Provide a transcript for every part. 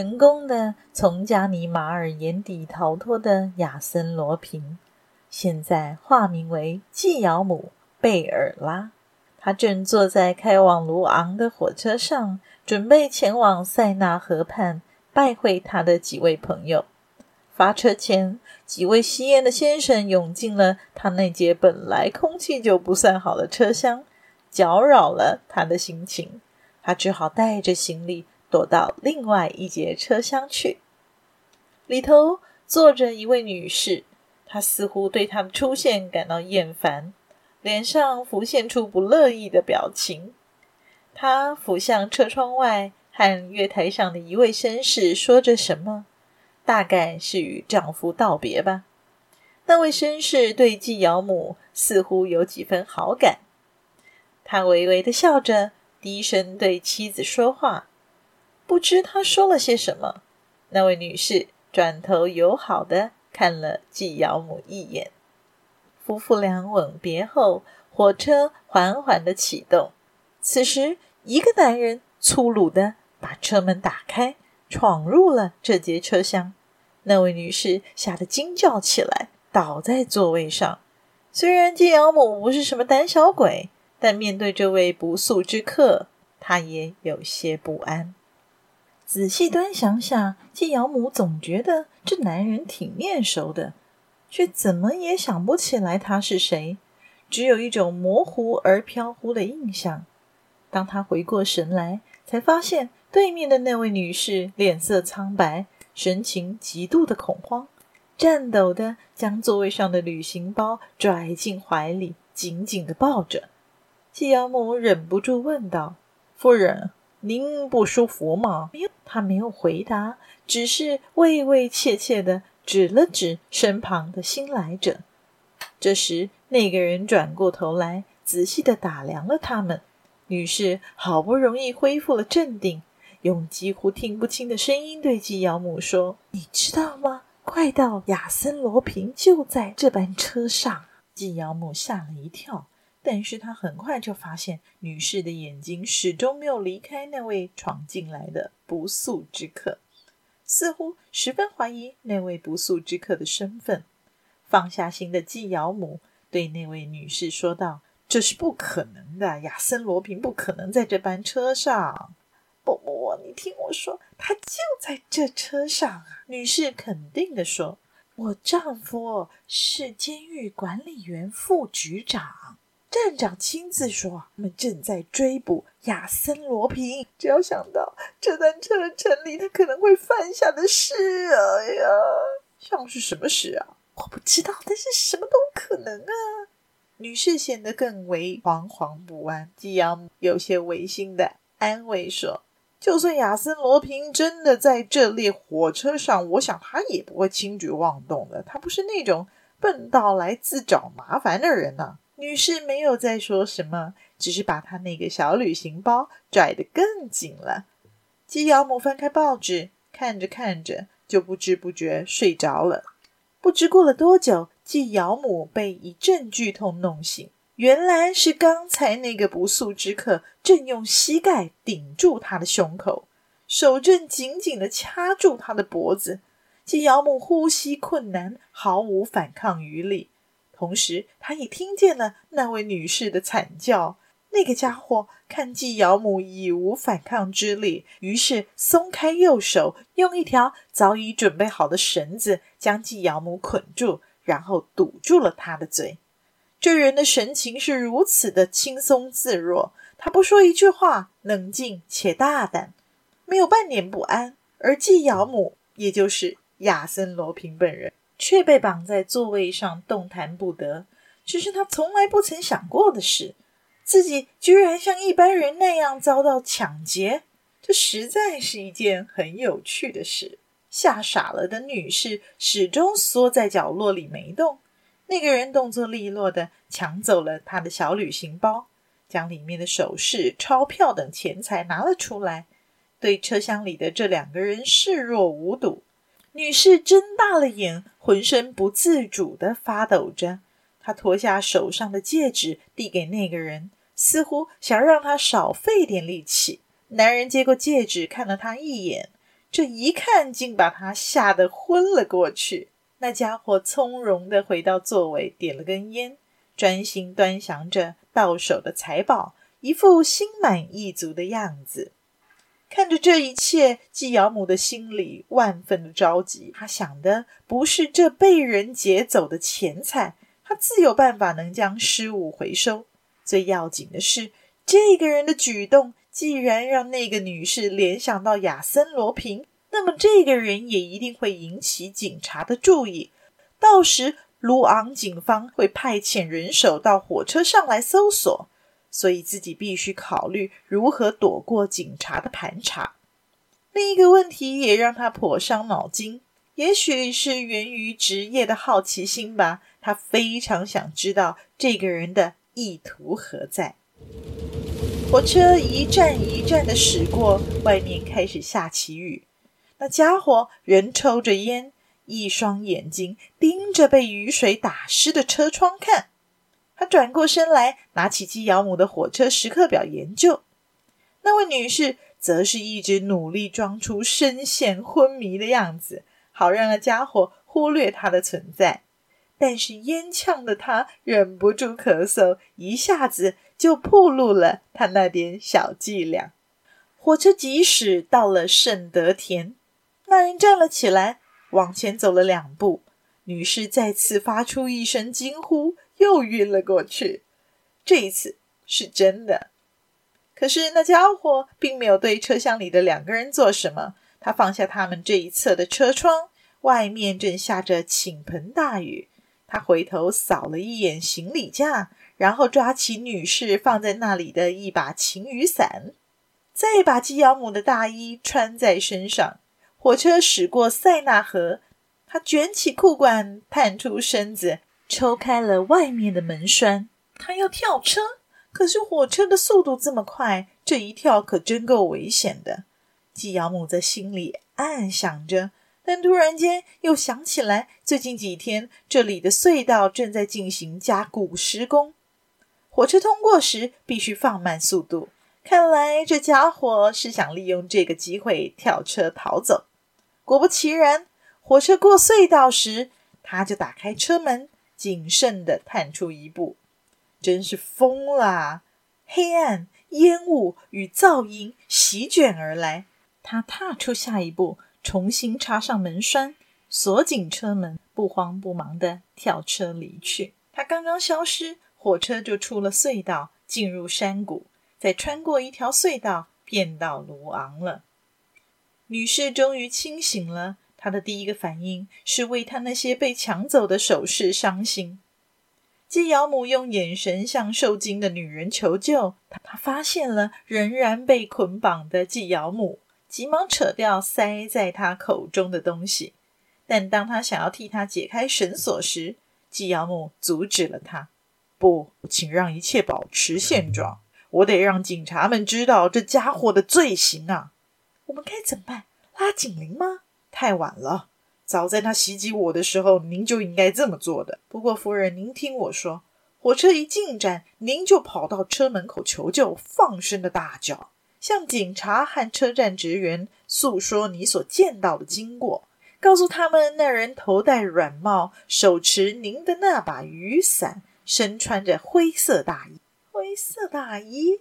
成功的從加尼馬爾眼底逃脫的亞森·羅平，現在化名為季堯姆·貝爾拉。他正坐在開往盧昂的火車上，準備前往塞納河畔拜會他的幾位朋友。發車前，幾位吸煙的先生湧進了他那節本來空氣就不算好的車廂，攪擾了他的心情。他只好帶着行李。躲到另外一節車廂去，裡頭坐着一位女士，她似乎對他的出現感到厭煩，臉上浮現出不樂意的表情。她俯向車窗外，和月台上的一位紳士說着什麼，大概是與丈夫道別吧。那位紳士對繼養母似乎有幾分好感，他微微的笑着，低聲對妻子說話。不知他說了些什麼，那位女士轉頭友好的看了紀堯姆一眼，夫婦倆吻別後，火車緩緩地啟動。此時，一個男人粗魯地把車門打開，闖入了這節車廂。那位女士嚇得驚叫起來，倒在座位上。雖然紀堯姆不是什麼膽小鬼，但面對這位不速之客，她也有些不安。仔細端詳下，紀堯姆總覺得這男人挺面熟的，卻怎麼也想不起來他是誰，只有一種模糊而飄忽的印象。當他回過神來，才發現對面的那位女士臉色蒼白，神情極度的恐慌，顫抖的將座位上的旅行包拽進懷裡，緊緊的抱着。紀堯姆忍不住問道：“夫人。”您不舒服嗎？他沒有回答，只是畏畏怯怯地指了指身旁的新來者。這時，那個人轉過頭來，仔細地打量了他們。女士好不容易恢復了鎮定，用幾乎聽不清的聲音對紀堯姆說：“你知道嗎？快到亞森羅蘋，就在這班車上。”紀堯姆嚇了一跳。但是他很快就發現，女士的眼睛始終沒有離開那位闖進來的不速之客，似乎十分懷疑那位不速之客的身份。放下心的紀堯姆對那位女士說道：“這是不可能的，亞森·羅平不可能在這班車上。”“伯母，你聽我說，他就在這車上啊！”女士肯定的說：“我丈夫是監獄管理員副局長。”站長親自說，他們正在追捕亞森·羅蘋。只要想到這趟車的程裡他可能會犯下的事、啊，哎呀，像是什麼事啊？我不知道，但是什麼都可能啊。女士顯得更為惶惶不安，繼而有些違心的安慰說：“就算亞森·羅蘋真的在這列火車上，我想他也不會輕舉妄動的。他不是那種笨到來自找麻煩的人呢、啊。”女士沒有再說什麼，只是把她那個小旅行包拽得更緊了。紀堯姆翻開報紙，看着看着就不知不覺睡着了。不知過了多久，紀堯姆被一陣劇痛弄醒，原來是剛才那個不速之客正用膝蓋頂住她的胸口，手正緊緊地掐住她的脖子。紀堯姆呼吸困難，毫無反抗餘力。同時，他也聽見了那位女士的慘叫。那個家伙看繼養母已無反抗之力，於是鬆開右手，用一條早已準備好的繩子將繼養母捆住，然後堵住了他的嘴。這人的神情是如此的輕鬆自若，他不說一句話，冷靜且大膽，沒有半點不安。而繼養母，也就是亞森·羅蘋本人。卻被綁在座位上動彈不得，只是他從來不曾想過的事。自己居然像一般人那樣遭到搶劫，這實在是一件很有趣的事。嚇傻了的女士始終縮在角落裡沒動。那個人動作利落的搶走了他的小旅行包，將裡面的首飾、鈔票等錢財拿了出來，對車廂裡的這兩個人視若無睹。女士睜大了眼，渾身不自主的發抖着。她脫下手上的戒指，遞給那個人，似乎想讓他少費點力氣。男人接過戒指，看了她一眼，這一看竟把他嚇得昏了過去。那家伙從容的回到座位，點了根煙，專心端詳着到手的財寶，一副心滿意足的樣子。看着這一切，紀堯姆的心裡萬分的着急。他想的不是這被人劫走的錢財，他自有辦法能將失物回收。最要緊的是，這個人的舉動既然讓那個女士聯想到亞森·羅蘋，那麼這個人也一定會引起警察的注意。到時，盧昂警方會派遣人手到火車上來搜索。所以自己必須考慮如何躲過警察的盤查。另一個問題也讓他頗傷腦筋，也許是源於職業的好奇心吧，他非常想知道這個人的意圖何在。火車一站一站的駛過，外面開始下起雨。那家伙仍抽着煙，一雙眼睛盯着被雨水打濕的車窗看。他轉過身來，拿起妻咬母的火車時刻表研究。那位女士則是一直努力裝出深陷昏迷的樣子，好讓那家伙忽略她的存在。但是煙嗆的她忍不住咳嗽，一下子就暴露了她那點小伎倆。火車即使到了聖德田，那人站了起來，往前走了兩步。女士再次發出一聲驚呼。又暈了過去，這一次是真的。可是那家伙並沒有對車廂裡的兩個人做什麼。他放下他們這一側的車窗，外面正下着傾盆大雨。他回頭掃了一眼行李架，然後抓起女士放在那裡的一把晴雨傘，再把基堯姆的大衣穿在身上。火車駛過塞納河，他捲起褲管，探出身子。抽開了外面的門栓，他要跳車，可是火車的速度這麼快，這一跳可真夠危險的。繼養母在心裡暗想着，但突然間又想起來，最近幾天這裡的隧道正在進行加固施工，火車通過時必須放慢速度。看來這家伙是想利用這個機會跳車逃走。果不其然，火車過隧道時，他就打開車門，謹慎的探出一步，真是瘋了啊！黑暗、煙霧與噪音席卷而來。他踏出下一步，重新插上門栓，鎖緊車門，不慌不忙的跳車離去。他剛剛消失，火車就出了隧道，進入山谷，再穿過一條隧道，便到盧昂了。女士終於清醒了。他的第一個反應是為他那些被搶走的首飾傷心。紀堯姆用眼神向受驚的女人求救。他發現了仍然被捆綁的紀堯姆，急忙扯掉塞在他口中的東西。但當他想要替他解開繩索時，紀堯姆阻止了他：“不，請讓一切保持現狀。我得讓警察們知道這家伙的罪行啊！我們該怎麼辦？拉警鈴嗎？”太晚了！早在他襲擊我的時候，您就應該這麼做的。不過，夫人，您聽我說，火車一進站，您就跑到車門口求救，放聲的大叫，向警察和車站職員訴說你所見到的經過，告訴他們那人頭戴軟帽，手持您的那把雨傘，身穿着灰色大衣。灰色大衣，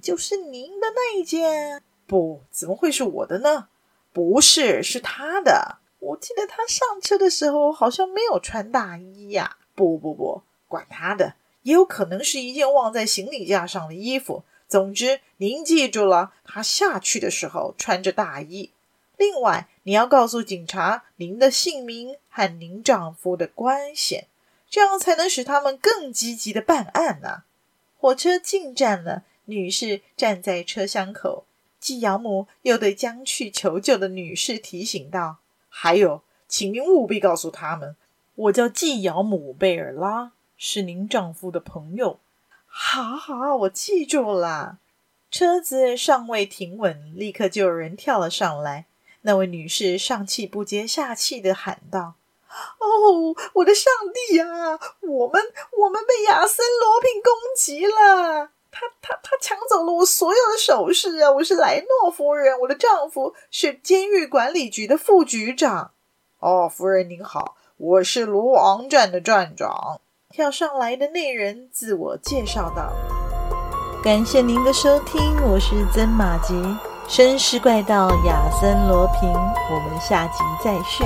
就是您的那一件。不，怎麼會是我的呢？不是，是他的。我記得他上車的時候好像沒有穿大衣呀。不不不，管他的，也有可能是一件忘在行李架上的衣服。總之，您記住了，他下去的時候穿着大衣。另外，你要告訴警察您的姓名和您丈夫的關係，這樣才能使他們更積極地辦案呢。火車進站了，女士站在車廂口。繼瑤母又對將去求救的女士提醒道：“還有，請您務必告訴他們，我叫繼瑤母貝爾拉，是您丈夫的朋友。”“好好，我記住了。”車子尚未停穩，立刻就有人跳了上來。那位女士上氣不接下氣地喊道：“哦，我的上帝呀、啊！我們，我們被亞森·羅蘋攻擊了！”他他他搶走了我所有的首飾啊！我是萊諾夫人，我的丈夫是監獄管理局的副局長。哦，夫人您好，我是盧昂站的站長。跳上來的那人自我介紹道：“感謝您的收聽，我是曾馬吉，紳士怪盜亞森羅平，我們下集再續。”